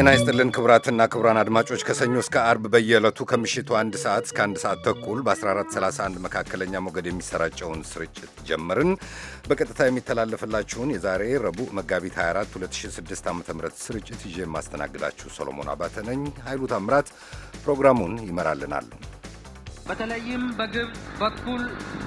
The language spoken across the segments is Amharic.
ጤና ይስጥልን ክቡራትና ክቡራን አድማጮች ከሰኞ እስከ አርብ በየዕለቱ ከምሽቱ አንድ ሰዓት እስከ አንድ ሰዓት ተኩል በ1431 መካከለኛ ሞገድ የሚሰራጨውን ስርጭት ጀመርን። በቀጥታ የሚተላለፍላችሁን የዛሬ ረቡዕ መጋቢት 24 2006 ዓ ም ስርጭት ይዤ የማስተናግዳችሁ ሰሎሞን አባተ ነኝ። ኃይሉ ታምራት ፕሮግራሙን ይመራልናል። በተለይም በግብፅ በኩል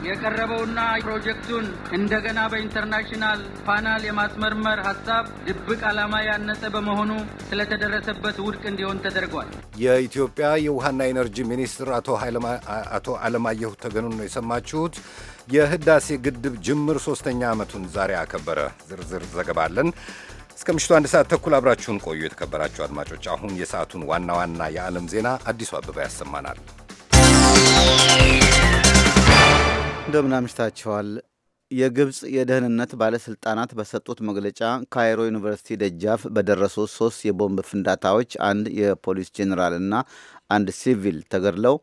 የቀረበውና ፕሮጀክቱን እንደገና በኢንተርናሽናል ፓናል የማስመርመር ሀሳብ ድብቅ ዓላማ ያነጸ በመሆኑ ስለተደረሰበት ውድቅ እንዲሆን ተደርጓል። የኢትዮጵያ የውሃና ኤነርጂ ሚኒስትር አቶ አለማየሁ ተገኑን ነው የሰማችሁት። የህዳሴ ግድብ ጅምር ሶስተኛ ዓመቱን ዛሬ አከበረ። ዝርዝር ዘገባ አለን። እስከ ምሽቱ አንድ ሰዓት ተኩል አብራችሁን ቆዩ። የተከበራችሁ አድማጮች፣ አሁን የሰዓቱን ዋና ዋና የዓለም ዜና አዲሱ አበባ ያሰማናል። እንደምን አምሽታችኋል። የግብፅ የደህንነት ባለሥልጣናት በሰጡት መግለጫ ካይሮ ዩኒቨርሲቲ ደጃፍ በደረሱ ሶስት የቦምብ ፍንዳታዎች አንድ የፖሊስ ጄኔራል እና አንድ ሲቪል ተገድለው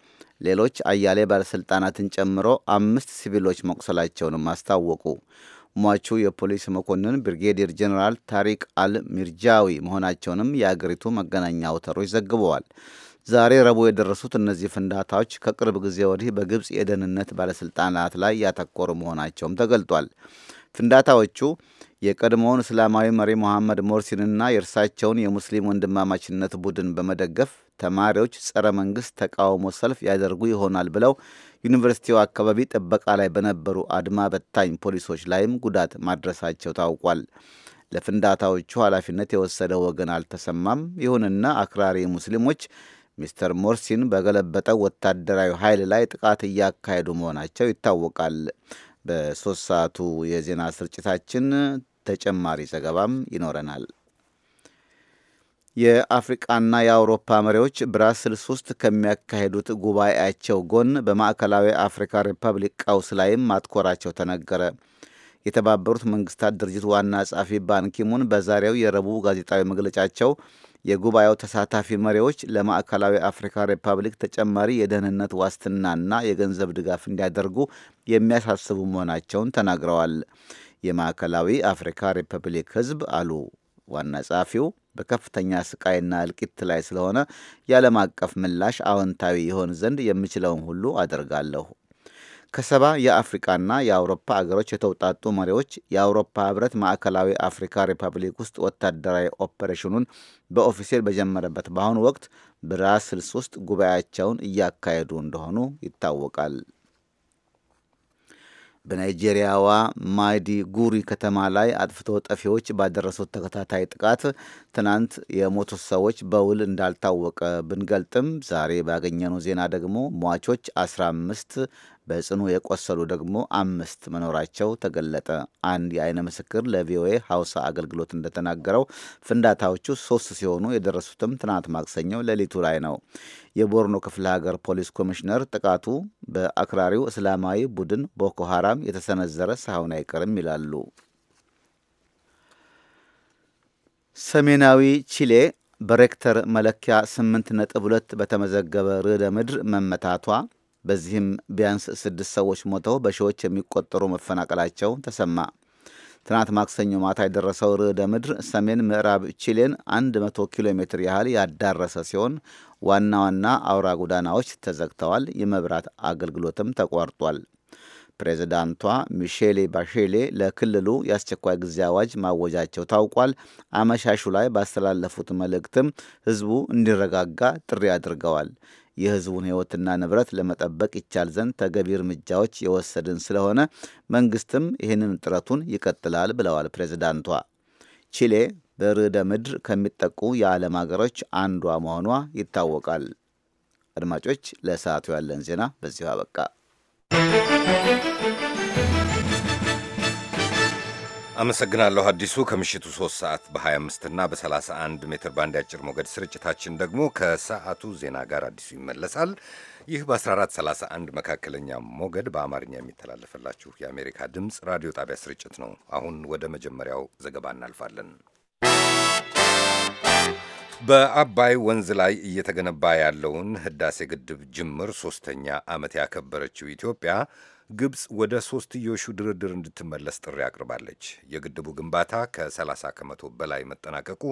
ሌሎች አያሌ ባለሥልጣናትን ጨምሮ አምስት ሲቪሎች መቁሰላቸውንም አስታወቁ። ሟቹ የፖሊስ መኮንን ብሪጌዲየር ጄኔራል ታሪክ አል ሚርጃዊ መሆናቸውንም የአገሪቱ መገናኛ አውታሮች ዘግበዋል። ዛሬ ረቡዕ የደረሱት እነዚህ ፍንዳታዎች ከቅርብ ጊዜ ወዲህ በግብፅ የደህንነት ባለሥልጣናት ላይ ያተኮሩ መሆናቸውም ተገልጧል። ፍንዳታዎቹ የቀድሞውን እስላማዊ መሪ መሐመድ ሞርሲንና የእርሳቸውን የሙስሊም ወንድማማችነት ቡድን በመደገፍ ተማሪዎች ጸረ መንግሥት ተቃውሞ ሰልፍ ያደርጉ ይሆናል ብለው ዩኒቨርሲቲው አካባቢ ጥበቃ ላይ በነበሩ አድማ በታኝ ፖሊሶች ላይም ጉዳት ማድረሳቸው ታውቋል። ለፍንዳታዎቹ ኃላፊነት የወሰደ ወገን አልተሰማም። ይሁንና አክራሪ ሙስሊሞች ሚስተር ሞርሲን በገለበጠው ወታደራዊ ኃይል ላይ ጥቃት እያካሄዱ መሆናቸው ይታወቃል። በሶስት ሰዓቱ የዜና ስርጭታችን ተጨማሪ ዘገባም ይኖረናል። የአፍሪቃና የአውሮፓ መሪዎች ብራስልስ ውስጥ ከሚያካሄዱት ጉባኤያቸው ጎን በማዕከላዊ አፍሪካ ሪፐብሊክ ቀውስ ላይም ማትኮራቸው ተነገረ። የተባበሩት መንግስታት ድርጅት ዋና ጸሐፊ ባንኪሙን በዛሬው የረቡዕ ጋዜጣዊ መግለጫቸው የጉባኤው ተሳታፊ መሪዎች ለማዕከላዊ አፍሪካ ሪፐብሊክ ተጨማሪ የደህንነት ዋስትናና የገንዘብ ድጋፍ እንዲያደርጉ የሚያሳስቡ መሆናቸውን ተናግረዋል። የማዕከላዊ አፍሪካ ሪፐብሊክ ሕዝብ አሉ ዋና ጸሐፊው በከፍተኛ ስቃይና እልቂት ላይ ስለሆነ የዓለም አቀፍ ምላሽ አዎንታዊ ይሆን ዘንድ የምችለውን ሁሉ አደርጋለሁ ከሰባ የአፍሪቃና የአውሮፓ አገሮች የተውጣጡ መሪዎች የአውሮፓ ህብረት ማዕከላዊ አፍሪካ ሪፐብሊክ ውስጥ ወታደራዊ ኦፐሬሽኑን በኦፊሴል በጀመረበት በአሁኑ ወቅት ብራስልስ ውስጥ ጉባኤያቸውን እያካሄዱ እንደሆኑ ይታወቃል። በናይጄሪያዋ ጉሪ ከተማ ላይ አጥፍቶ ጠፊዎች ባደረሱት ተከታታይ ጥቃት ትናንት የሞቱት ሰዎች በውል እንዳልታወቀ ብንገልጥም ዛሬ ባገኘነው ዜና ደግሞ ሟቾች 15 በጽኑ የቆሰሉ ደግሞ አምስት መኖራቸው ተገለጠ። አንድ የአይነ ምስክር ለቪኦኤ ሐውሳ አገልግሎት እንደተናገረው ፍንዳታዎቹ ሶስት ሲሆኑ የደረሱትም ትናንት ማክሰኞ ሌሊቱ ላይ ነው። የቦርኖ ክፍለ ሀገር ፖሊስ ኮሚሽነር ጥቃቱ በአክራሪው እስላማዊ ቡድን ቦኮ ሐራም የተሰነዘረ ሳይሆን አይቀርም ይላሉ። ሰሜናዊ ቺሌ በሬክተር መለኪያ 8.2 በተመዘገበ ርዕደ ምድር መመታቷ በዚህም ቢያንስ ስድስት ሰዎች ሞተው በሺዎች የሚቆጠሩ መፈናቀላቸው ተሰማ። ትናንት ማክሰኞ ማታ የደረሰው ርዕደ ምድር ሰሜን ምዕራብ ቺሌን 100 ኪሎ ሜትር ያህል ያዳረሰ ሲሆን ዋና ዋና አውራ ጎዳናዎች ተዘግተዋል፣ የመብራት አገልግሎትም ተቋርጧል። ፕሬዚዳንቷ ሚሼሌ ባሼሌ ለክልሉ የአስቸኳይ ጊዜ አዋጅ ማወጃቸው ታውቋል። አመሻሹ ላይ ባስተላለፉት መልእክትም ሕዝቡ እንዲረጋጋ ጥሪ አድርገዋል። የህዝቡን ህይወትና ንብረት ለመጠበቅ ይቻል ዘንድ ተገቢ እርምጃዎች የወሰድን ስለሆነ መንግስትም ይህንን ጥረቱን ይቀጥላል ብለዋል ፕሬዚዳንቷ። ቺሌ በርዕደ ምድር ከሚጠቁ የዓለም ሀገሮች አንዷ መሆኗ ይታወቃል። አድማጮች፣ ለሰዓቱ ያለን ዜና በዚሁ አበቃ። አመሰግናለሁ አዲሱ። ከምሽቱ 3 ሰዓት በ25 እና በ31 ሜትር ባንድ ያጭር ሞገድ ስርጭታችን ደግሞ ከሰዓቱ ዜና ጋር አዲሱ ይመለሳል። ይህ በ1431 መካከለኛ ሞገድ በአማርኛ የሚተላለፈላችሁ የአሜሪካ ድምፅ ራዲዮ ጣቢያ ስርጭት ነው። አሁን ወደ መጀመሪያው ዘገባ እናልፋለን። በአባይ ወንዝ ላይ እየተገነባ ያለውን ህዳሴ ግድብ ጅምር ሶስተኛ ዓመት ያከበረችው ኢትዮጵያ ግብፅ ወደ ሶስትዮሹ ድርድር እንድትመለስ ጥሪ አቅርባለች። የግድቡ ግንባታ ከ30 ከመቶ በላይ መጠናቀቁ፣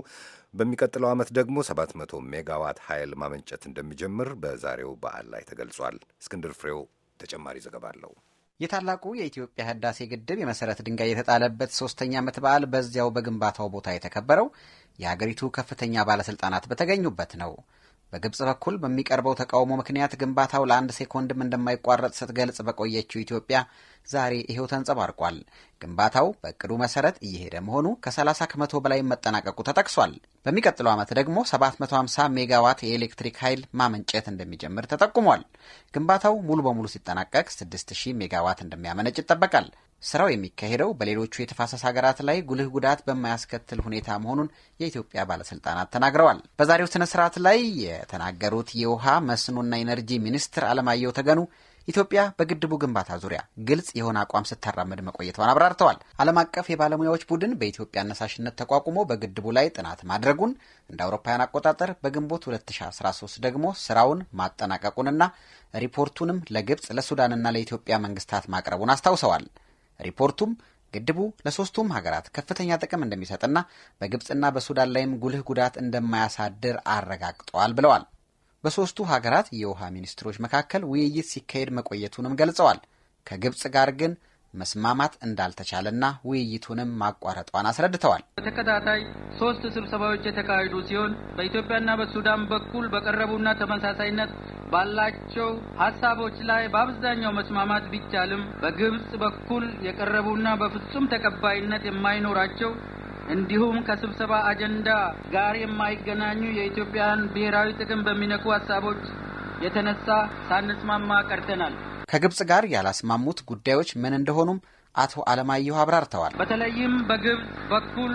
በሚቀጥለው ዓመት ደግሞ 700 ሜጋዋት ኃይል ማመንጨት እንደሚጀምር በዛሬው በዓል ላይ ተገልጿል። እስክንድር ፍሬው ተጨማሪ ዘገባ አለው። የታላቁ የኢትዮጵያ ህዳሴ ግድብ የመሰረት ድንጋይ የተጣለበት ሶስተኛ ዓመት በዓል በዚያው በግንባታው ቦታ የተከበረው የሀገሪቱ ከፍተኛ ባለስልጣናት በተገኙበት ነው። በግብጽ በኩል በሚቀርበው ተቃውሞ ምክንያት ግንባታው ለአንድ ሴኮንድም እንደማይቋረጥ ስትገልጽ በቆየችው ኢትዮጵያ ዛሬ ይሄው ተንጸባርቋል። ግንባታው በእቅዱ መሰረት እየሄደ መሆኑ ከ30 ከመቶ በላይ መጠናቀቁ ተጠቅሷል። በሚቀጥለው ዓመት ደግሞ 750 ሜጋዋት የኤሌክትሪክ ኃይል ማመንጨት እንደሚጀምር ተጠቁሟል። ግንባታው ሙሉ በሙሉ ሲጠናቀቅ 6000 ሜጋዋት እንደሚያመነጭ ይጠበቃል። ስራው የሚካሄደው በሌሎቹ የተፋሰስ ሀገራት ላይ ጉልህ ጉዳት በማያስከትል ሁኔታ መሆኑን የኢትዮጵያ ባለስልጣናት ተናግረዋል። በዛሬው ስነ ስርዓት ላይ የተናገሩት የውሃ መስኖና ኢነርጂ ሚኒስትር አለማየሁ ተገኑ ኢትዮጵያ በግድቡ ግንባታ ዙሪያ ግልጽ የሆነ አቋም ስታራምድ መቆየቷን አብራርተዋል። ዓለም አቀፍ የባለሙያዎች ቡድን በኢትዮጵያ አነሳሽነት ተቋቁሞ በግድቡ ላይ ጥናት ማድረጉን እንደ አውሮፓውያን አቆጣጠር በግንቦት 2013 ደግሞ ስራውን ማጠናቀቁንና ሪፖርቱንም ለግብፅ ለሱዳንና ለኢትዮጵያ መንግስታት ማቅረቡን አስታውሰዋል። ሪፖርቱም ግድቡ ለሶስቱም ሀገራት ከፍተኛ ጥቅም እንደሚሰጥና በግብፅና በሱዳን ላይም ጉልህ ጉዳት እንደማያሳድር አረጋግጠዋል ብለዋል። በሶስቱ ሀገራት የውሃ ሚኒስትሮች መካከል ውይይት ሲካሄድ መቆየቱንም ገልጸዋል። ከግብፅ ጋር ግን መስማማት እንዳልተቻለና ውይይቱንም ማቋረጧን አስረድተዋል። በተከታታይ ሶስት ስብሰባዎች የተካሄዱ ሲሆን በኢትዮጵያና በሱዳን በኩል በቀረቡና ተመሳሳይነት ባላቸው ሀሳቦች ላይ በአብዛኛው መስማማት ቢቻልም በግብጽ በኩል የቀረቡና በፍጹም ተቀባይነት የማይኖራቸው እንዲሁም ከስብሰባ አጀንዳ ጋር የማይገናኙ የኢትዮጵያን ብሔራዊ ጥቅም በሚነኩ ሀሳቦች የተነሳ ሳንስማማ ቀርተናል። ከግብጽ ጋር ያላስማሙት ጉዳዮች ምን እንደሆኑም አቶ አለማየሁ አብራርተዋል። በተለይም በግብጽ በኩል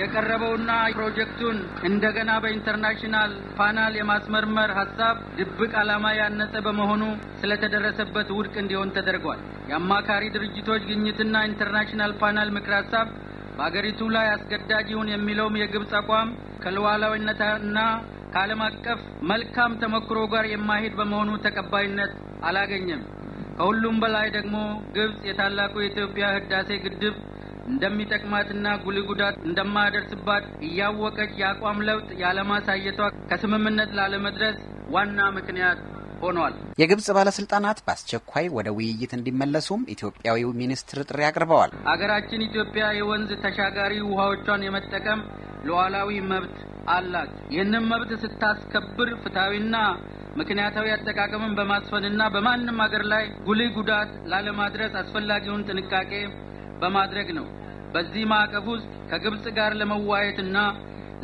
የቀረበውና ፕሮጀክቱን እንደገና በኢንተርናሽናል ፓናል የማስመርመር ሀሳብ ድብቅ ዓላማ ያነጸ በመሆኑ ስለተደረሰበት ውድቅ እንዲሆን ተደርጓል። የአማካሪ ድርጅቶች ግኝትና ኢንተርናሽናል ፓናል ምክር ሀሳብ በአገሪቱ ላይ አስገዳጅ ይሁን የሚለውም የግብጽ አቋም ከሉዓላዊነትና ከዓለም አቀፍ መልካም ተሞክሮ ጋር የማይሄድ በመሆኑ ተቀባይነት አላገኘም። ከሁሉም በላይ ደግሞ ግብጽ የታላቁ የኢትዮጵያ ህዳሴ ግድብ እንደሚጠቅማትና ጉልህ ጉዳት እንደማያደርስባት እያወቀች የአቋም ለውጥ ያለማሳየቷ ከስምምነት ላለመድረስ ዋና ምክንያት ሆኗል። የግብጽ ባለስልጣናት በአስቸኳይ ወደ ውይይት እንዲመለሱም ኢትዮጵያዊው ሚኒስትር ጥሪ አቅርበዋል። አገራችን ኢትዮጵያ የወንዝ ተሻጋሪ ውሃዎቿን የመጠቀም ሉዓላዊ መብት አላት። ይህንን መብት ስታስከብር ፍትሐዊና ምክንያታዊ አጠቃቀምን በማስፈንና በማንም አገር ላይ ጉልህ ጉዳት ላለማድረስ አስፈላጊውን ጥንቃቄ በማድረግ ነው። በዚህ ማዕቀፍ ውስጥ ከግብፅ ጋር ለመዋየትና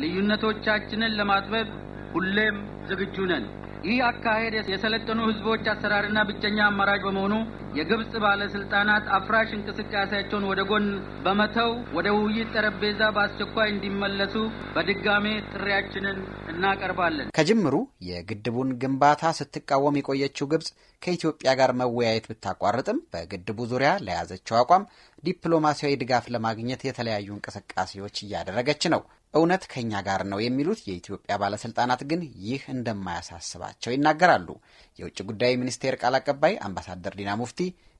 ልዩነቶቻችንን ለማጥበብ ሁሌም ዝግጁ ነን። ይህ አካሄድ የሰለጠኑ ህዝቦች አሰራርና ብቸኛ አማራጭ በመሆኑ የግብጽ ባለስልጣናት አፍራሽ እንቅስቃሴያቸውን ወደ ጎን በመተው ወደ ውይይት ጠረጴዛ በአስቸኳይ እንዲመለሱ በድጋሜ ጥሪያችንን እናቀርባለን። ከጅምሩ የግድቡን ግንባታ ስትቃወም የቆየችው ግብጽ ከኢትዮጵያ ጋር መወያየት ብታቋርጥም በግድቡ ዙሪያ ለያዘችው አቋም ዲፕሎማሲያዊ ድጋፍ ለማግኘት የተለያዩ እንቅስቃሴዎች እያደረገች ነው። እውነት ከእኛ ጋር ነው የሚሉት የኢትዮጵያ ባለስልጣናት ግን ይህ እንደማያሳስባቸው ይናገራሉ። የውጭ ጉዳይ ሚኒስቴር ቃል አቀባይ አምባሳደር ዲና ሙፍቲ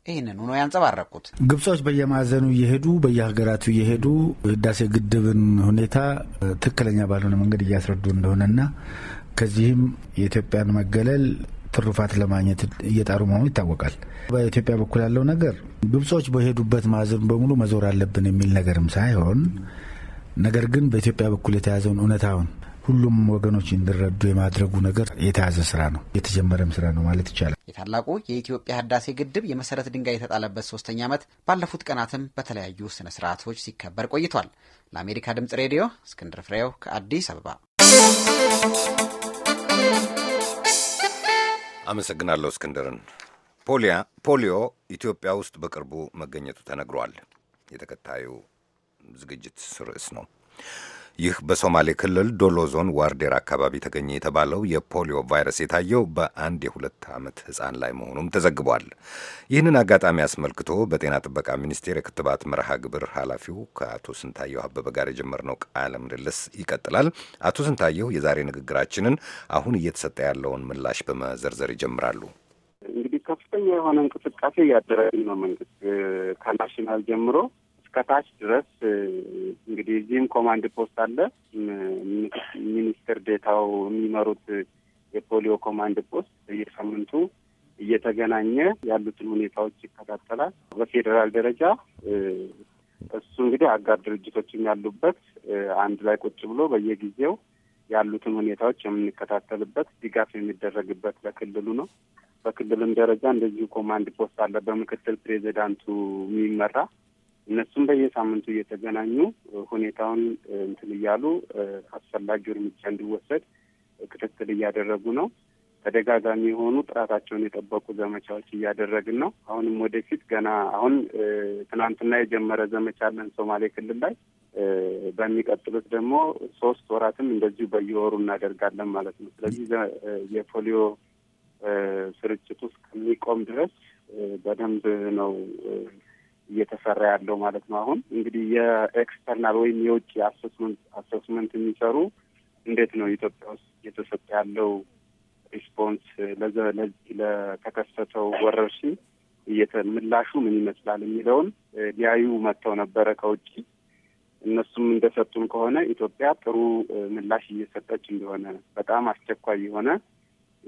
ይህንኑ ነው ያንጸባረቁት። ግብጾች በየማዕዘኑ እየሄዱ በየሀገራቱ እየሄዱ ህዳሴ ግድብን ሁኔታ ትክክለኛ ባልሆነ መንገድ እያስረዱ እንደሆነና ከዚህም የኢትዮጵያን መገለል ትሩፋት ለማግኘት እየጣሩ መሆኑ ይታወቃል። በኢትዮጵያ በኩል ያለው ነገር ግብጾች በሄዱበት ማዕዘኑ በሙሉ መዞር አለብን የሚል ነገርም ሳይሆን ነገር ግን በኢትዮጵያ በኩል የተያዘውን እውነታውን ሁሉም ወገኖች እንዲረዱ የማድረጉ ነገር የተያዘ ስራ ነው፣ የተጀመረም ስራ ነው ማለት ይቻላል። የታላቁ የኢትዮጵያ ህዳሴ ግድብ የመሰረት ድንጋይ የተጣለበት ሶስተኛ ዓመት ባለፉት ቀናትም በተለያዩ ስነ ስርዓቶች ሲከበር ቆይቷል። ለአሜሪካ ድምጽ ሬዲዮ እስክንድር ፍሬው ከአዲስ አበባ አመሰግናለሁ። እስክንድርን። ፖሊዮ ኢትዮጵያ ውስጥ በቅርቡ መገኘቱ ተነግሯል። የተከታዩ ዝግጅት ርዕስ ነው። ይህ በሶማሌ ክልል ዶሎ ዞን ዋርዴር አካባቢ ተገኘ የተባለው የፖሊዮ ቫይረስ የታየው በአንድ የሁለት ዓመት ሕፃን ላይ መሆኑም ተዘግቧል። ይህንን አጋጣሚ አስመልክቶ በጤና ጥበቃ ሚኒስቴር የክትባት መርሃ ግብር ኃላፊው ከአቶ ስንታየሁ አበበ ጋር የጀመርነው ቃለ ምልልስ ይቀጥላል። አቶ ስንታየሁ የዛሬ ንግግራችንን አሁን እየተሰጠ ያለውን ምላሽ በመዘርዘር ይጀምራሉ። እንግዲህ ከፍተኛ የሆነ እንቅስቃሴ እያደረግን ነው መንግስት ከናሽናል ጀምሮ ከታች ድረስ እንግዲህ እዚህም ኮማንድ ፖስት አለ። ሚኒስትር ዴታው የሚመሩት የፖሊዮ ኮማንድ ፖስት በየሳምንቱ እየተገናኘ ያሉትን ሁኔታዎች ይከታተላል። በፌዴራል ደረጃ እሱ እንግዲህ አጋር ድርጅቶችም ያሉበት አንድ ላይ ቁጭ ብሎ በየጊዜው ያሉትን ሁኔታዎች የምንከታተልበት ድጋፍ የሚደረግበት ለክልሉ ነው። በክልልም ደረጃ እንደዚሁ ኮማንድ ፖስት አለ በምክትል ፕሬዚዳንቱ የሚመራ እነሱም በየሳምንቱ እየተገናኙ ሁኔታውን እንትን እያሉ አስፈላጊው እርምጃ እንዲወሰድ ክትትል እያደረጉ ነው። ተደጋጋሚ የሆኑ ጥራታቸውን የጠበቁ ዘመቻዎች እያደረግን ነው። አሁንም ወደፊት ገና አሁን ትናንትና የጀመረ ዘመቻ አለን ሶማሌ ክልል ላይ። በሚቀጥሉት ደግሞ ሶስት ወራትም እንደዚሁ በየወሩ እናደርጋለን ማለት ነው። ስለዚህ የፖሊዮ ስርጭቱ እስከሚቆም ድረስ በደንብ ነው እየተሰራ ያለው ማለት ነው። አሁን እንግዲህ የኤክስተርናል ወይም የውጭ አሰስመንት አሰስመንት የሚሰሩ እንዴት ነው ኢትዮጵያ ውስጥ እየተሰጠ ያለው ሪስፖንስ ለዚህ ለተከሰተው ወረርሽኝ ምላሹ ምን ይመስላል የሚለውን ሊያዩ መጥተው ነበረ ከውጭ። እነሱም እንደሰጡን ከሆነ ኢትዮጵያ ጥሩ ምላሽ እየሰጠች እንደሆነ በጣም አስቸኳይ የሆነ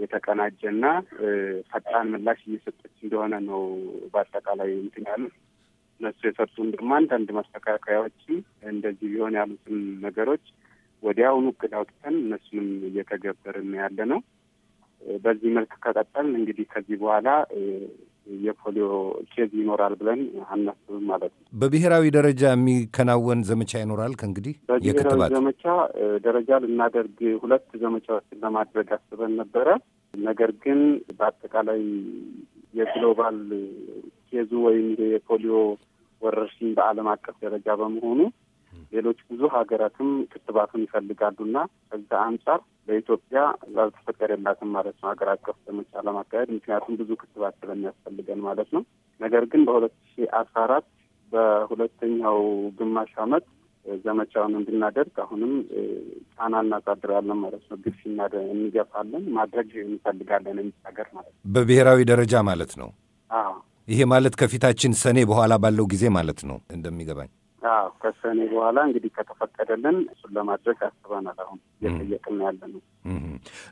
የተቀናጀና ፈጣን ምላሽ እየሰጠች እንደሆነ ነው በአጠቃላይ እንትን ያሉት። እነሱ የሰጡ እንደውም አንዳንድ ማስተካከያዎችም እንደዚህ ቢሆን ያሉትን ነገሮች ወዲያውኑ እቅድ አውጥተን እነሱንም እየተገበርን ያለ ነው። በዚህ መልክ ከቀጠልን እንግዲህ ከዚህ በኋላ የፖሊዮ ኬዝ ይኖራል ብለን አናስብም ማለት ነው። በብሔራዊ ደረጃ የሚከናወን ዘመቻ ይኖራል። ከእንግዲህ በብሔራዊ ዘመቻ ደረጃ ልናደርግ ሁለት ዘመቻዎችን ለማድረግ አስበን ነበረ። ነገር ግን በአጠቃላይ የግሎባል ኬዙ ወይም የፖሊዮ ወረርሽኝ በዓለም አቀፍ ደረጃ በመሆኑ ሌሎች ብዙ ሀገራትም ክትባቱን ይፈልጋሉና ከዛ አንጻር ለኢትዮጵያ ላልተፈቀደላትም ማለት ነው ሀገር አቀፍ ዘመቻ ለማካሄድ ምክንያቱም ብዙ ክትባት ስለሚያስፈልገን ማለት ነው። ነገር ግን በሁለት ሺ አስራ አራት በሁለተኛው ግማሽ ዓመት ዘመቻውን እንድናደርግ አሁንም ጫና እናሳድራለን ማለት ነው። ግፍ እንገፋለን ማድረግ እንፈልጋለን የሚል ሀገር ማለት ነው በብሔራዊ ደረጃ ማለት ነው። አዎ ይሄ ማለት ከፊታችን ሰኔ በኋላ ባለው ጊዜ ማለት ነው እንደሚገባኝ። አዎ ከሰኔ በኋላ እንግዲህ ከተፈቀደልን እሱን ለማድረግ አስበናል። አሁን እየጠየቅን ያለ ነው።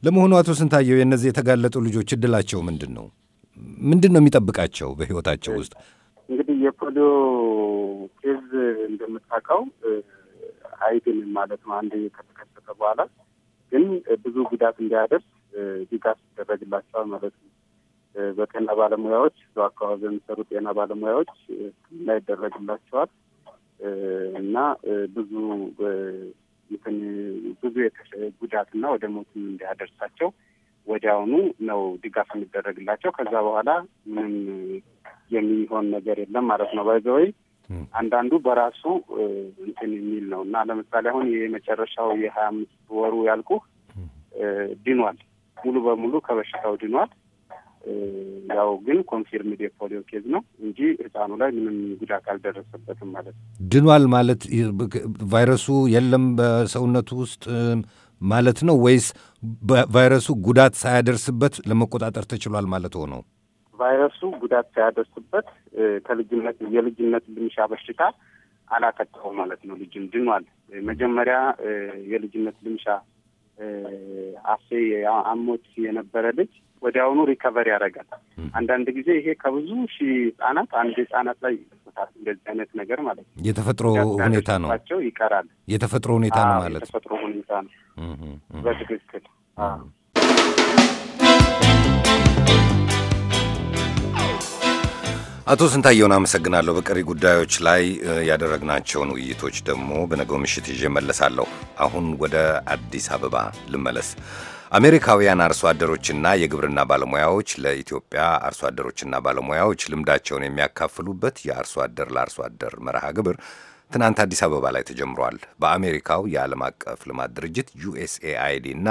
ለመሆኑ አቶ ስንታየው የእነዚህ የተጋለጡ ልጆች እድላቸው ምንድን ነው? ምንድን ነው የሚጠብቃቸው በህይወታቸው ውስጥ? እንግዲህ የፖሊዮ ኬዝ እንደምታውቀው አይድንም ማለት ነው። አንድ ከተከሰተ በኋላ ግን ብዙ ጉዳት እንዳያደርስ ድጋፍ ይደረግላቸዋል ማለት ነው። በጤና ባለሙያዎች አካባቢ የሚሰሩ ጤና ባለሙያዎች ሕክምና ይደረግላቸዋል እና ብዙ እንትን ብዙ ጉዳትና ወደ ሞትም እንዳያደርሳቸው ወዲያውኑ ነው ድጋፍ የሚደረግላቸው። ከዛ በኋላ ምንም የሚሆን ነገር የለም ማለት ነው። ባይዘወይ አንዳንዱ በራሱ እንትን የሚል ነው እና ለምሳሌ አሁን የመጨረሻው የሀያ አምስት ወሩ ያልኩህ ድኗል፣ ሙሉ በሙሉ ከበሽታው ድኗል። ያው ግን ኮንፊርምድ የፖሊዮ ኬዝ ነው እንጂ ህፃኑ ላይ ምንም ጉዳት አልደረሰበትም ማለት ነው። ድኗል ማለት ቫይረሱ የለም በሰውነቱ ውስጥ ማለት ነው ወይስ ቫይረሱ ጉዳት ሳያደርስበት ለመቆጣጠር ተችሏል ማለት ሆኖ ቫይረሱ ጉዳት ሳያደርስበት ከልጅነት የልጅነት ልምሻ በሽታ አላጠቃው ማለት ነው። ልጅም ድኗል። መጀመሪያ የልጅነት ልምሻ አፌ አሞት የነበረ ልጅ ወዲያውኑ ሪከቨር ያደርጋል። አንዳንድ ጊዜ ይሄ ከብዙ ሺህ ህጻናት አንድ ህጻናት ላይ ይደርሳል። እንደዚህ አይነት ነገር ማለት ነው። የተፈጥሮ ሁኔታ ነው ቸው ይቀራል። የተፈጥሮ ሁኔታ ነው ማለት የተፈጥሮ ሁኔታ ነው በትክክል አቶ ስንታየውን አመሰግናለሁ። በቀሪ ጉዳዮች ላይ ያደረግናቸውን ውይይቶች ደግሞ በነገው ምሽት ይዤ መለሳለሁ። አሁን ወደ አዲስ አበባ ልመለስ። አሜሪካውያን አርሶ አደሮችና የግብርና ባለሙያዎች ለኢትዮጵያ አርሶ አደሮችና ባለሙያዎች ልምዳቸውን የሚያካፍሉበት የአርሶ አደር ለአርሶ አደር መርሃ ግብር ትናንት አዲስ አበባ ላይ ተጀምሯል። በአሜሪካው የዓለም አቀፍ ልማት ድርጅት ዩኤስኤአይዲ እና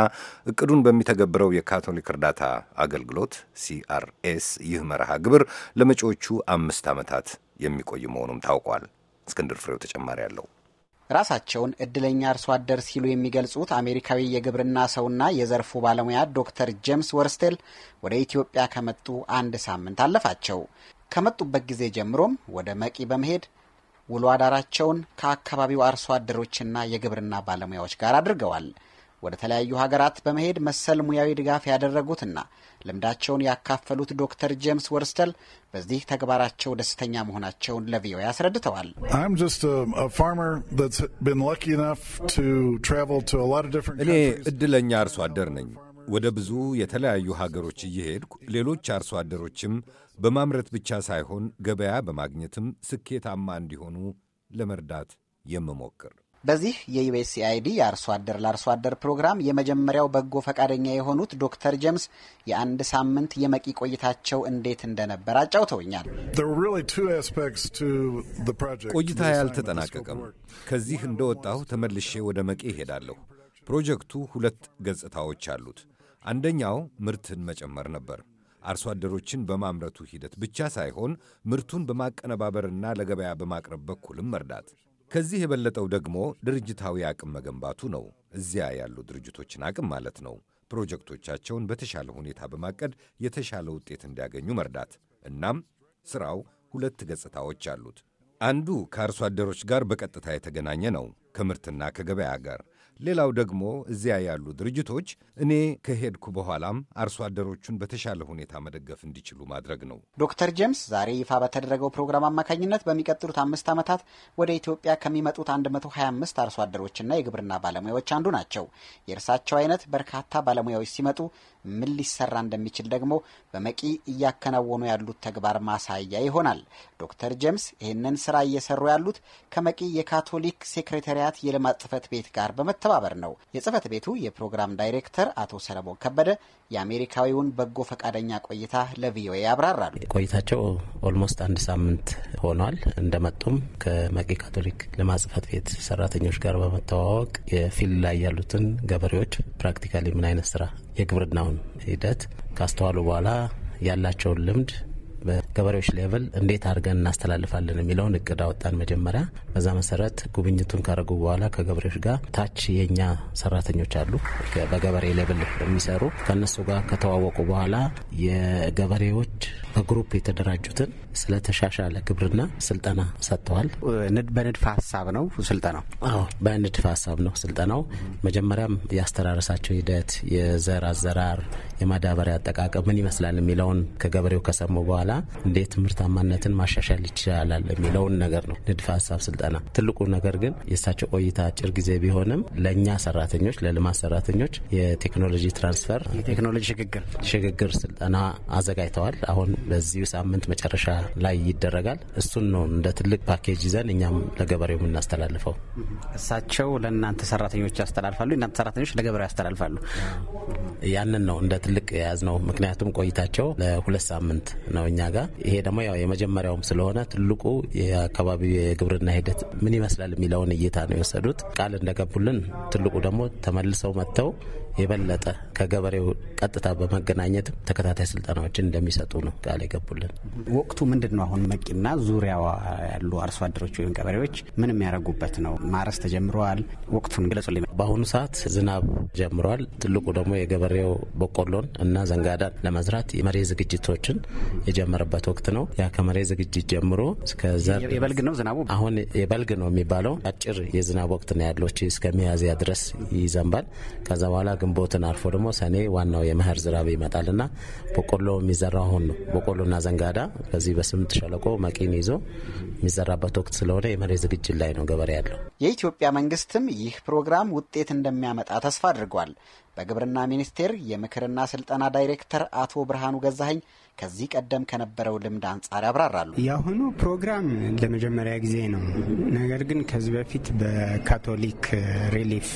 እቅዱን በሚተገብረው የካቶሊክ እርዳታ አገልግሎት ሲአርኤስ ይህ መርሃ ግብር ለመጪዎቹ አምስት ዓመታት የሚቆይ መሆኑም ታውቋል። እስክንድር ፍሬው ተጨማሪ አለው። ራሳቸውን እድለኛ አርሶ አደር ሲሉ የሚገልጹት አሜሪካዊ የግብርና ሰውና የዘርፉ ባለሙያ ዶክተር ጄምስ ወርስቴል ወደ ኢትዮጵያ ከመጡ አንድ ሳምንት አለፋቸው። ከመጡበት ጊዜ ጀምሮም ወደ መቂ በመሄድ ውሎ አዳራቸውን ከአካባቢው አርሶ አደሮችና የግብርና ባለሙያዎች ጋር አድርገዋል። ወደ ተለያዩ ሀገራት በመሄድ መሰል ሙያዊ ድጋፍ ያደረጉትና ልምዳቸውን ያካፈሉት ዶክተር ጄምስ ወርስተል በዚህ ተግባራቸው ደስተኛ መሆናቸውን ለቪኦኤ አስረድተዋል። እኔ እድለኛ አርሶ አደር ነኝ። ወደ ብዙ የተለያዩ ሀገሮች እየሄድኩ ሌሎች አርሶ አደሮችም በማምረት ብቻ ሳይሆን ገበያ በማግኘትም ስኬታማ እንዲሆኑ ለመርዳት የምሞክር በዚህ የዩኤስኤአይዲ የአርሶ አደር ለአርሶ አደር ፕሮግራም የመጀመሪያው በጎ ፈቃደኛ የሆኑት ዶክተር ጀምስ የአንድ ሳምንት የመቂ ቆይታቸው እንዴት እንደነበር አጫውተውኛል። ቆይታ ያልተጠናቀቀም። ከዚህ እንደወጣሁ ተመልሼ ወደ መቂ እሄዳለሁ። ፕሮጀክቱ ሁለት ገጽታዎች አሉት። አንደኛው ምርትን መጨመር ነበር። አርሶ አደሮችን በማምረቱ ሂደት ብቻ ሳይሆን ምርቱን በማቀነባበርና ለገበያ በማቅረብ በኩልም መርዳት ከዚህ የበለጠው ደግሞ ድርጅታዊ አቅም መገንባቱ ነው። እዚያ ያሉ ድርጅቶችን አቅም ማለት ነው። ፕሮጀክቶቻቸውን በተሻለ ሁኔታ በማቀድ የተሻለ ውጤት እንዲያገኙ መርዳት። እናም ሥራው ሁለት ገጽታዎች አሉት። አንዱ ከአርሶ አደሮች ጋር በቀጥታ የተገናኘ ነው፣ ከምርትና ከገበያ ጋር ሌላው ደግሞ እዚያ ያሉ ድርጅቶች እኔ ከሄድኩ በኋላም አርሶ አደሮቹን በተሻለ ሁኔታ መደገፍ እንዲችሉ ማድረግ ነው። ዶክተር ጄምስ ዛሬ ይፋ በተደረገው ፕሮግራም አማካኝነት በሚቀጥሉት አምስት ዓመታት ወደ ኢትዮጵያ ከሚመጡት 125 አርሶ አደሮችና የግብርና ባለሙያዎች አንዱ ናቸው። የእርሳቸው አይነት በርካታ ባለሙያዎች ሲመጡ ምን ሊሰራ እንደሚችል ደግሞ በመቂ እያከናወኑ ያሉት ተግባር ማሳያ ይሆናል። ዶክተር ጄምስ ይህንን ስራ እየሰሩ ያሉት ከመቂ የካቶሊክ ሴክሬታሪያት የልማት ጽህፈት ቤት ጋር በመተባበር ነው። የጽህፈት ቤቱ የፕሮግራም ዳይሬክተር አቶ ሰለሞን ከበደ የአሜሪካዊውን በጎ ፈቃደኛ ቆይታ ለቪኦኤ ያብራራሉ። ቆይታቸው ኦልሞስት አንድ ሳምንት ሆኗል። እንደመጡም ከመቂ ካቶሊክ ልማት ጽህፈት ቤት ሰራተኞች ጋር በመተዋወቅ የፊልድ ላይ ያሉትን ገበሬዎች ፕራክቲካሊ ምን አይነት ስራ የግብርናውን ሂደት ካስተዋሉ በኋላ ያላቸውን ልምድ በገበሬዎች ሌቭል እንዴት አድርገን እናስተላልፋለን የሚለውን እቅድ አወጣን መጀመሪያ። በዛ መሰረት ጉብኝቱን ካደረጉ በኋላ ከገበሬዎች ጋር ታች የእኛ ሰራተኞች አሉ በገበሬ ሌቭል የሚሰሩ ከእነሱ ጋር ከተዋወቁ በኋላ የገበሬዎች በግሩፕ የተደራጁትን ስለተሻሻለ ግብርና ስልጠና ሰጥተዋል። በንድፈ ሀሳብ ነው ስልጠናው? አዎ በንድፈ ሀሳብ ነው ስልጠናው። መጀመሪያም የአስተራረሳቸው ሂደት የዘር አዘራር የማዳበሪያ አጠቃቀም ምን ይመስላል የሚለውን ከገበሬው ከሰሙ በኋላ እንዴት ምርታማነትን ማሻሻል ይቻላል የሚለውን ነገር ነው ንድፈ ሀሳብ ስልጠና። ትልቁ ነገር ግን የእሳቸው ቆይታ አጭር ጊዜ ቢሆንም ለእኛ ሰራተኞች፣ ለልማት ሰራተኞች የቴክኖሎጂ ትራንስፈር የቴክኖሎጂ ሽግግር ሽግግር ስልጠና አዘጋጅተዋል። አሁን በዚሁ ሳምንት መጨረሻ ላይ ይደረጋል። እሱን ነው እንደ ትልቅ ፓኬጅ ይዘን እኛም ለገበሬው የምናስተላልፈው። እሳቸው ለእናንተ ሰራተኞች ያስተላልፋሉ፣ እናንተ ሰራተኞች ለገበሬው ያስተላልፋሉ። ያንን ነው እንደ ትልቅ የያዝ ነው። ምክንያቱም ቆይታቸው ለሁለት ሳምንት ነው እኛ ጋር። ይሄ ደግሞ ያው የመጀመሪያውም ስለሆነ ትልቁ የአካባቢው የግብርና ሂደት ምን ይመስላል የሚለውን እይታ ነው የወሰዱት። ቃል እንደገቡልን ትልቁ ደግሞ ተመልሰው መጥተው የበለጠ ከገበሬው ቀጥታ በመገናኘት ተከታታይ ስልጠናዎችን እንደሚሰጡ ነው ቃል የገቡልን። ወቅቱ ምንድን ነው? አሁን መቂና ዙሪያዋ ያሉ አርሶ አደሮች ወይም ገበሬዎች ምን የሚያደርጉበት ነው? ማረስ ተጀምረዋል? ወቅቱን ግለጹ። በአሁኑ ሰዓት ዝናብ ጀምረዋል። ትልቁ ደግሞ የገበሬው በቆሎን እና ዘንጋዳን ለመዝራት መሬት ዝግጅቶችን የጀመረበት ወቅት ነው። ያ ከመሬት ዝግጅት ጀምሮ እስከ ዘር የበልግ ነው ዝናቡ አሁን የበልግ ነው የሚባለው አጭር የዝናብ ወቅት ነው ያለው እስከ ሚያዝያ ድረስ ይዘንባል። ከዛ በኋላ ግንቦትን አልፎ ደግሞ ሰኔ ዋናው የመኸር ይመጣል ይመጣልና በቆሎ የሚዘራ አሁን ነው። በቆሎና ዘንጋዳ በዚህ በስምንት ሸለቆ መቂን ይዞ የሚዘራበት ወቅት ስለሆነ የመሬት ዝግጅት ላይ ነው ገበሬ ያለው። የኢትዮጵያ መንግስትም ይህ ፕሮግራም ውጤት እንደሚያመጣ ተስፋ አድርጓል። በግብርና ሚኒስቴር የምክርና ስልጠና ዳይሬክተር አቶ ብርሃኑ ገዛኸኝ ከዚህ ቀደም ከነበረው ልምድ አንጻር ያብራራሉ። የአሁኑ ፕሮግራም ለመጀመሪያ ጊዜ ነው። ነገር ግን ከዚህ በፊት በካቶሊክ ሪሊፍ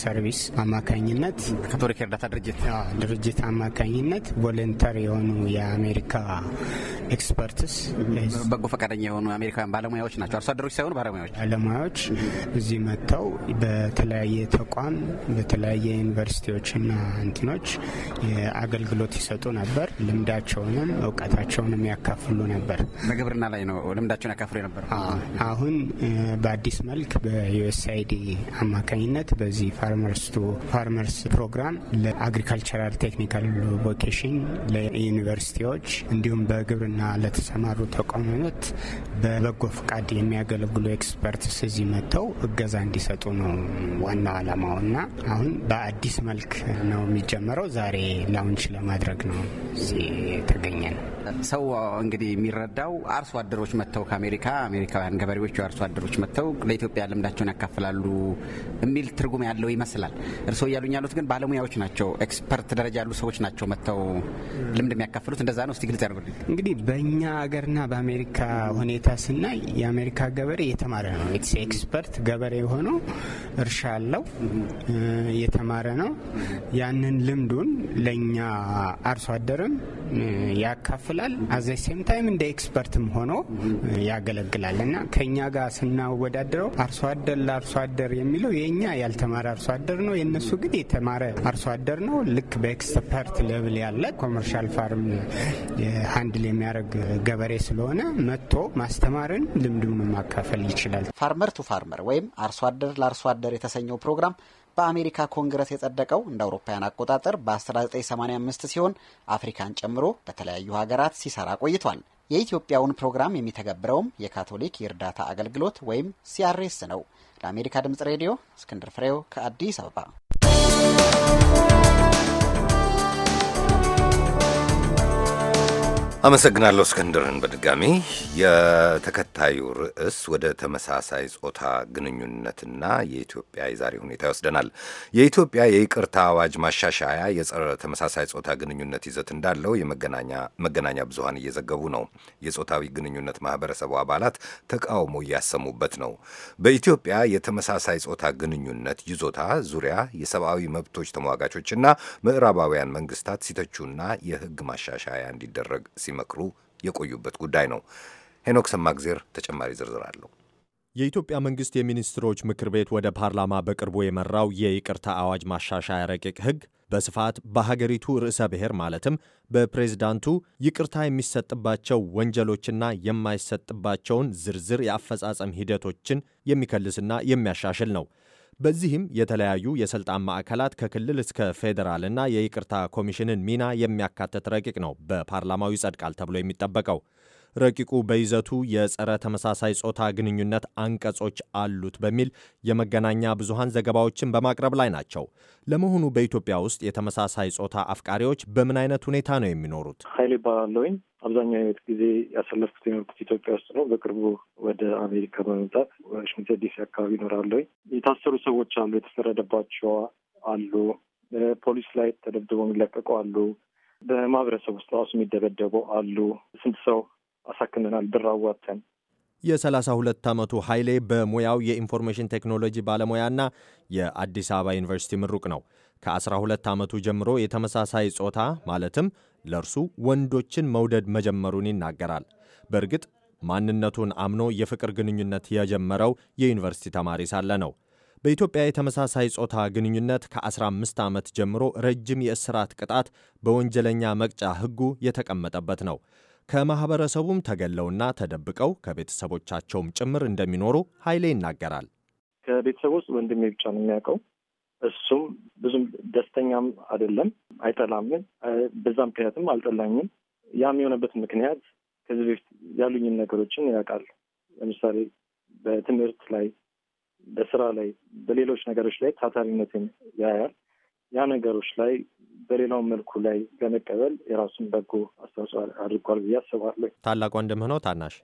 ሰርቪስ አማካኝነት ካቶሊክ እርዳታ ድርጅት ድርጅት አማካኝነት ቮለንተር የሆኑ የአሜሪካ ኤክስፐርትስ በጎ ፈቃደኛ የሆኑ አሜሪካውያን ባለሙያዎች ናቸው። አርሶ አደሮች ሳይሆኑ ባለሙያዎች ባለሙያዎች እዚህ መጥተው በተለያየ ተቋም በተለያየ ዩኒቨርሲቲዎችና እንትኖች አገልግሎት ይሰጡ ነበር ልምዳቸውን ያላቸውንም እውቀታቸውን የሚያካፍሉ ነበር። በግብርና ላይ ነው ልምዳቸውን ያካፍሉ ነበር። አሁን በአዲስ መልክ በዩኤስአይዲ አማካኝነት በዚህ ፋርመርስ ቱ ፋርመርስ ፕሮግራም ለአግሪካልቸራል ቴክኒካል ቮኬሽን ለዩኒቨርሲቲዎች፣ እንዲሁም በግብርና ለተሰማሩ ተቋማት በበጎ ፈቃድ የሚያገለግሉ ኤክስፐርትስ እዚህ መጥተው እገዛ እንዲሰጡ ነው ዋናው አላማው እና አሁን በአዲስ መልክ ነው የሚጀመረው። ዛሬ ላውንች ለማድረግ ነው እዚህ 跟您。ሰው እንግዲህ የሚረዳው አርሶ አደሮች መጥተው ከአሜሪካ አሜሪካውያን ገበሬዎች አርሶ አደሮች መጥተው ለኢትዮጵያ ልምዳቸውን ያካፍላሉ የሚል ትርጉም ያለው ይመስላል። እርስዎ እያሉኝ ያሉት ግን ባለሙያዎች ናቸው፣ ኤክስፐርት ደረጃ ያሉ ሰዎች ናቸው መጥተው ልምድ የሚያካፍሉት እንደዛ ነው። እስቲ ግልጽ ያደርጉልኝ። እንግዲህ በእኛ ሀገርና በአሜሪካ ሁኔታ ስናይ የአሜሪካ ገበሬ የተማረ ነው። ኤክስፐርት ገበሬ የሆነው እርሻ አለው የተማረ ነው። ያንን ልምዱን ለእኛ አርሶ አደርም ያካፍል ይከፍላል። አዘ ሴም ታይም እንደ ኤክስፐርትም ሆኖ ያገለግላል እና ከእኛ ጋር ስናወዳድረው አርሶ አደር ለአርሶ አደር የሚለው የእኛ ያልተማረ አርሶ አደር ነው፣ የእነሱ ግን የተማረ አርሶ አደር ነው። ልክ በኤክስፐርት ሌቭል ያለ ኮመርሻል ፋርም ሀንድል የሚያደርግ ገበሬ ስለሆነ መጥቶ ማስተማርን ልምዱን ማካፈል ይችላል። ፋርመር ቱ ፋርመር ወይም አርሶ አደር ለአርሶ አደር የተሰኘው ፕሮግራም በአሜሪካ ኮንግረስ የጸደቀው እንደ አውሮፓውያን አቆጣጠር በ1985 ሲሆን አፍሪካን ጨምሮ በተለያዩ ሀገራት ሲሰራ ቆይቷል። የኢትዮጵያውን ፕሮግራም የሚተገብረውም የካቶሊክ የእርዳታ አገልግሎት ወይም ሲያሬስ ነው። ለአሜሪካ ድምጽ ሬዲዮ እስክንድር ፍሬው ከአዲስ አበባ አመሰግናለሁ እስክንድርን በድጋሚ። የተከታዩ ርዕስ ወደ ተመሳሳይ ጾታ ግንኙነትና የኢትዮጵያ የዛሬ ሁኔታ ይወስደናል። የኢትዮጵያ የይቅርታ አዋጅ ማሻሻያ የጸረ ተመሳሳይ ጾታ ግንኙነት ይዘት እንዳለው የመገናኛ ብዙሀን እየዘገቡ ነው። የጾታዊ ግንኙነት ማህበረሰቡ አባላት ተቃውሞ እያሰሙበት ነው። በኢትዮጵያ የተመሳሳይ ጾታ ግንኙነት ይዞታ ዙሪያ የሰብአዊ መብቶች ተሟጋቾችና ምዕራባውያን መንግስታት ሲተቹና የህግ ማሻሻያ እንዲደረግ ሲመክሩ የቆዩበት ጉዳይ ነው። ሄኖክ ሰማግዜር ተጨማሪ ዝርዝር አለው። የኢትዮጵያ መንግስት የሚኒስትሮች ምክር ቤት ወደ ፓርላማ በቅርቡ የመራው የይቅርታ አዋጅ ማሻሻያ ረቂቅ ህግ በስፋት በሀገሪቱ ርዕሰ ብሔር ማለትም በፕሬዝዳንቱ ይቅርታ የሚሰጥባቸው ወንጀሎችና የማይሰጥባቸውን ዝርዝር የአፈጻጸም ሂደቶችን የሚከልስና የሚያሻሽል ነው። በዚህም የተለያዩ የስልጣን ማዕከላት ከክልል እስከ ፌዴራል እና የይቅርታ ኮሚሽንን ሚና የሚያካትት ረቂቅ ነው በፓርላማው ይጸድቃል ተብሎ የሚጠበቀው። ረቂቁ በይዘቱ የጸረ ተመሳሳይ ጾታ ግንኙነት አንቀጾች አሉት በሚል የመገናኛ ብዙሃን ዘገባዎችን በማቅረብ ላይ ናቸው። ለመሆኑ በኢትዮጵያ ውስጥ የተመሳሳይ ጾታ አፍቃሪዎች በምን አይነት ሁኔታ ነው የሚኖሩት? ሀይል ይባላለሁኝ። አብዛኛው የህይወት ጊዜ ያሳለፍኩት የኖርኩት ኢትዮጵያ ውስጥ ነው። በቅርቡ ወደ አሜሪካ በመምጣት ዋሽንግተን ዲሲ አካባቢ ይኖራለሁኝ። የታሰሩ ሰዎች አሉ፣ የተፈረደባቸው አሉ፣ ፖሊስ ላይ ተደብድበው የሚለቀቁ አሉ፣ በማህበረሰብ ውስጥ ራሱ የሚደበደቡ አሉ። ስንት ሰው አሳክነናል ብር አዋጥተን። የሰላሳ ሁለት ዓመቱ ኃይሌ በሙያው የኢንፎርሜሽን ቴክኖሎጂ ባለሙያና የአዲስ አበባ ዩኒቨርሲቲ ምሩቅ ነው። ከአስራ ሁለት ዓመቱ ጀምሮ የተመሳሳይ ጾታ ማለትም ለእርሱ ወንዶችን መውደድ መጀመሩን ይናገራል። በእርግጥ ማንነቱን አምኖ የፍቅር ግንኙነት የጀመረው የዩኒቨርሲቲ ተማሪ ሳለ ነው። በኢትዮጵያ የተመሳሳይ ጾታ ግንኙነት ከ15 ዓመት ጀምሮ ረጅም የእስራት ቅጣት በወንጀለኛ መቅጫ ሕጉ የተቀመጠበት ነው። ከማህበረሰቡም ተገለውና ተደብቀው ከቤተሰቦቻቸውም ጭምር እንደሚኖሩ ኃይሌ ይናገራል። ከቤተሰብ ውስጥ ወንድሜ ብቻ ነው የሚያውቀው። እሱም ብዙም ደስተኛም አይደለም፣ አይጠላምን። በዛ ምክንያትም አልጠላኝም። ያም የሆነበት ምክንያት ከዚህ በፊት ያሉኝን ነገሮችን ያውቃል። ለምሳሌ በትምህርት ላይ፣ በስራ ላይ፣ በሌሎች ነገሮች ላይ ታታሪነትን ያያል። ያ ነገሮች ላይ በሌላው መልኩ ላይ ለመቀበል የራሱን በጎ አስተዋጽኦ አድርጓል ብዬ አስባለሁ። ታላቅ ወንድም ታናሽ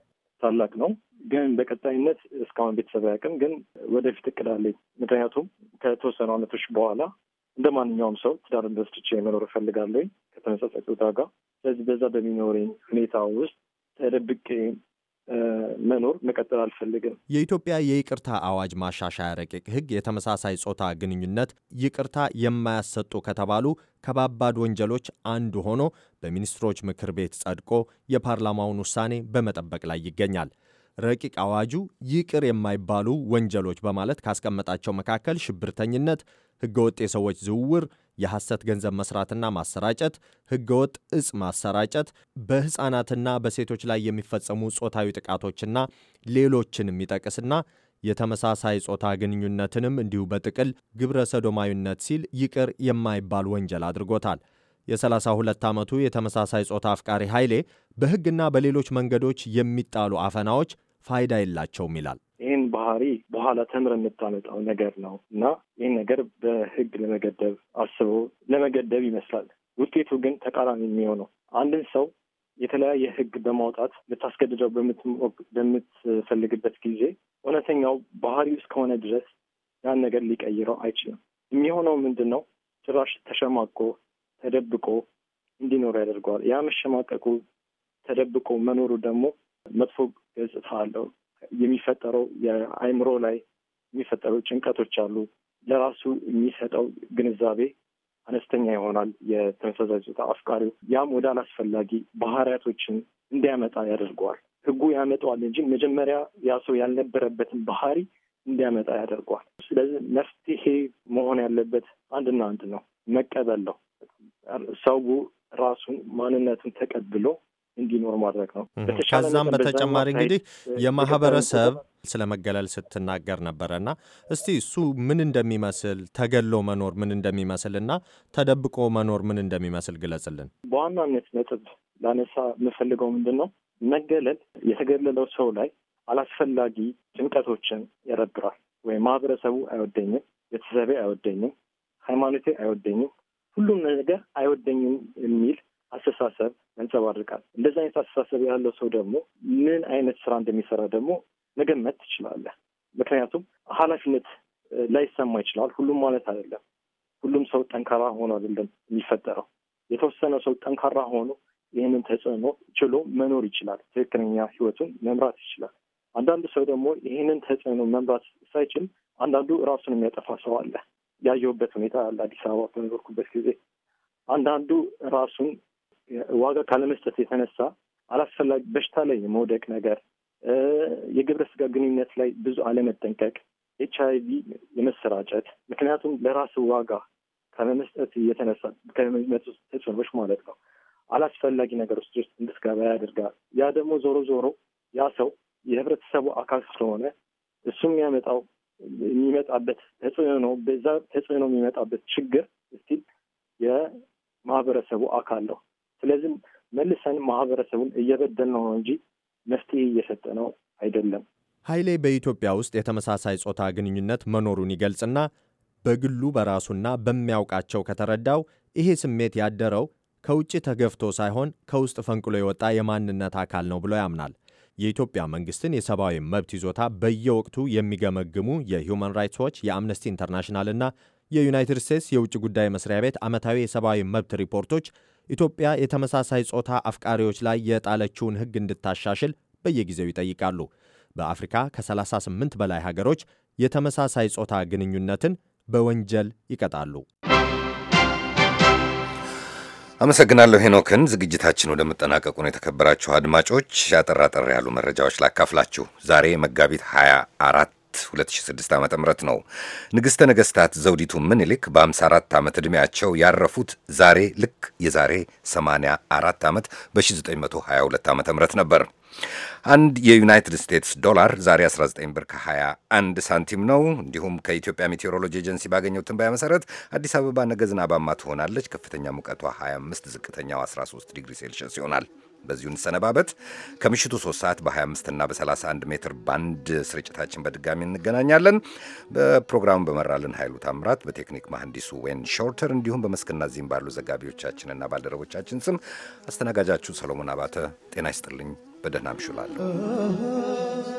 ታላቅ ነው፣ ግን በቀጣይነት እስካሁን ቤተሰብ ያቅም፣ ግን ወደፊት እቅዳለኝ ምክንያቱም ከተወሰኑ ዓመቶች በኋላ እንደ ማንኛውም ሰው ትዳር በስድቼ የመኖር እፈልጋለኝ ከተመሳሳይ ጋር። ስለዚህ በዛ በሚኖረኝ ሁኔታ ውስጥ ተደብቄ መኖር መቀጠል አልፈልግም። የኢትዮጵያ የይቅርታ አዋጅ ማሻሻያ ረቂቅ ህግ የተመሳሳይ ጾታ ግንኙነት ይቅርታ የማያሰጡ ከተባሉ ከባባድ ወንጀሎች አንዱ ሆኖ በሚኒስትሮች ምክር ቤት ጸድቆ የፓርላማውን ውሳኔ በመጠበቅ ላይ ይገኛል። ረቂቅ አዋጁ ይቅር የማይባሉ ወንጀሎች በማለት ካስቀመጣቸው መካከል ሽብርተኝነት፣ ህገወጥ የሰዎች ዝውውር፣ የሐሰት ገንዘብ መስራትና ማሰራጨት፣ ህገወጥ እጽ ማሰራጨት፣ በሕፃናትና በሴቶች ላይ የሚፈጸሙ ጾታዊ ጥቃቶችና ሌሎችን የሚጠቅስና የተመሳሳይ ጾታ ግንኙነትንም እንዲሁ በጥቅል ግብረ ሰዶማዊነት ሲል ይቅር የማይባል ወንጀል አድርጎታል። የ32 ዓመቱ የተመሳሳይ ጾታ አፍቃሪ ኃይሌ በሕግና በሌሎች መንገዶች የሚጣሉ አፈናዎች ፋይዳ የላቸውም ይላል። ይህን ባህሪ በኋላ ተምረ የምታመጣው ነገር ነው እና ይህን ነገር በህግ ለመገደብ አስበው ለመገደብ ይመስላል። ውጤቱ ግን ተቃራኒ የሚሆነው አንድን ሰው የተለያየ ህግ በማውጣት ልታስገድደው በምትፈልግበት ጊዜ እውነተኛው ባህሪ እስከሆነ ድረስ ያን ነገር ሊቀይረው አይችልም። የሚሆነው ምንድን ነው? ጭራሽ ተሸማቆ ተደብቆ እንዲኖር ያደርገዋል። ያ መሸማቀቁ ተደብቆ መኖሩ ደግሞ መጥፎ ገጽታ አለው። የሚፈጠረው የአእምሮ ላይ የሚፈጠረው ጭንቀቶች አሉ። ለራሱ የሚሰጠው ግንዛቤ አነስተኛ ይሆናል። የተመሳሳይ ጾታ አፍቃሪው ያም ወደ አላስፈላጊ ባህሪያቶችን እንዲያመጣ ያደርገዋል። ህጉ ያመጣዋል እንጂ መጀመሪያ ያ ሰው ያልነበረበትን ባህሪ እንዲያመጣ ያደርገዋል። ስለዚህ መፍትሄ መሆን ያለበት አንድና አንድ ነው፣ መቀበል ነው። ሰው ራሱን ማንነቱን ተቀብሎ እንዲኖር ማድረግ ነው። ከዛም በተጨማሪ እንግዲህ የማህበረሰብ ስለ መገለል ስትናገር ነበረ እና እስቲ እሱ ምን እንደሚመስል ተገሎ መኖር ምን እንደሚመስል እና ተደብቆ መኖር ምን እንደሚመስል ግለጽልን። በዋናነት ነጥብ ላነሳ የምፈልገው ምንድን ነው መገለል የተገለለው ሰው ላይ አላስፈላጊ ጭንቀቶችን ያረብራል። ወይም ማህበረሰቡ አይወደኝም፣ ቤተሰቤ አይወደኝም፣ ሃይማኖቴ አይወደኝም፣ ሁሉም ነገር አይወደኝም የሚል አስተሳሰብ ያንጸባርቃል። እንደዚህ አይነት አስተሳሰብ ያለው ሰው ደግሞ ምን አይነት ስራ እንደሚሰራ ደግሞ መገመት ትችላለህ። ምክንያቱም ኃላፊነት ላይሰማ ይችላል። ሁሉም ማለት አይደለም። ሁሉም ሰው ጠንካራ ሆኖ አይደለም የሚፈጠረው። የተወሰነ ሰው ጠንካራ ሆኖ ይህንን ተጽዕኖ ችሎ መኖር ይችላል። ትክክለኛ ህይወቱን መምራት ይችላል። አንዳንዱ ሰው ደግሞ ይህንን ተጽዕኖ መምራት ሳይችል አንዳንዱ ራሱን የሚያጠፋ ሰው አለ። ያየሁበት ሁኔታ አለ። አዲስ አበባ በኖርኩበት ጊዜ አንዳንዱ ራሱን ዋጋ ካለመስጠት የተነሳ አላስፈላጊ በሽታ ላይ የመውደቅ ነገር፣ የግብረ ስጋ ግንኙነት ላይ ብዙ አለመጠንቀቅ፣ ኤች አይ ቪ የመሰራጨት ምክንያቱም ለራስ ዋጋ ካለመስጠት የተነሳ ከመመጡ ተጽዕኖች ማለት ነው አላስፈላጊ ነገር ውስጥ እንድትገባ ያደርጋል። ያ ደግሞ ዞሮ ዞሮ ያ ሰው የህብረተሰቡ አካል ስለሆነ እሱ የሚያመጣው የሚመጣበት ተጽዕኖ በዛ ተጽዕኖ የሚመጣበት ችግር እስቲ የማህበረሰቡ አካል ነው። ስለዚህ መልሰን ማህበረሰቡን እየበደል ነው እንጂ መፍትሄ እየሰጠ ነው አይደለም። ኃይሌ በኢትዮጵያ ውስጥ የተመሳሳይ ጾታ ግንኙነት መኖሩን ይገልጽና በግሉ በራሱና በሚያውቃቸው ከተረዳው ይሄ ስሜት ያደረው ከውጭ ተገፍቶ ሳይሆን ከውስጥ ፈንቅሎ የወጣ የማንነት አካል ነው ብሎ ያምናል። የኢትዮጵያ መንግስትን የሰብአዊ መብት ይዞታ በየወቅቱ የሚገመግሙ የሁማን ራይትስ ዎች፣ የአምነስቲ ኢንተርናሽናልና የዩናይትድ ስቴትስ የውጭ ጉዳይ መስሪያ ቤት ዓመታዊ የሰብአዊ መብት ሪፖርቶች ኢትዮጵያ የተመሳሳይ ጾታ አፍቃሪዎች ላይ የጣለችውን ሕግ እንድታሻሽል በየጊዜው ይጠይቃሉ። በአፍሪካ ከ38 በላይ ሀገሮች የተመሳሳይ ጾታ ግንኙነትን በወንጀል ይቀጣሉ። አመሰግናለሁ ሄኖክን። ዝግጅታችን ወደ መጠናቀቁ ነው። የተከበራችሁ አድማጮች፣ ያጠራጠር ያሉ መረጃዎች ላካፍላችሁ። ዛሬ መጋቢት 24 2006 ዓ ም ነው። ንግሥተ ነገሥታት ዘውዲቱ ምኒልክ በ54 ዓመት ዕድሜያቸው ያረፉት ዛሬ ልክ የዛሬ 84 ዓመት በ1922 ዓ ም ነበር። አንድ የዩናይትድ ስቴትስ ዶላር ዛሬ 19 ብር ከ21 ሳንቲም ነው። እንዲሁም ከኢትዮጵያ ሜቴሮሎጂ ኤጀንሲ ባገኘው ትንበያ መሰረት አዲስ አበባ ነገ ዝናባማ ትሆናለች። ከፍተኛ ሙቀቷ 25፣ ዝቅተኛው 13 ዲግሪ ሴልሽስ ይሆናል። በዚሁ እንሰነባበት። ከምሽቱ 3 ሰዓት በ25 እና በ31 ሜትር ባንድ ስርጭታችን በድጋሚ እንገናኛለን። በፕሮግራሙ በመራልን ኃይሉ ታምራት፣ በቴክኒክ መሐንዲሱ ዌን ሾርተር እንዲሁም በመስክና ዚህም ባሉ ዘጋቢዎቻችንና ባልደረቦቻችን ስም አስተናጋጃችሁ ሰሎሞን አባተ ጤና ይስጥልኝ። በደህና ምሹላለሁ።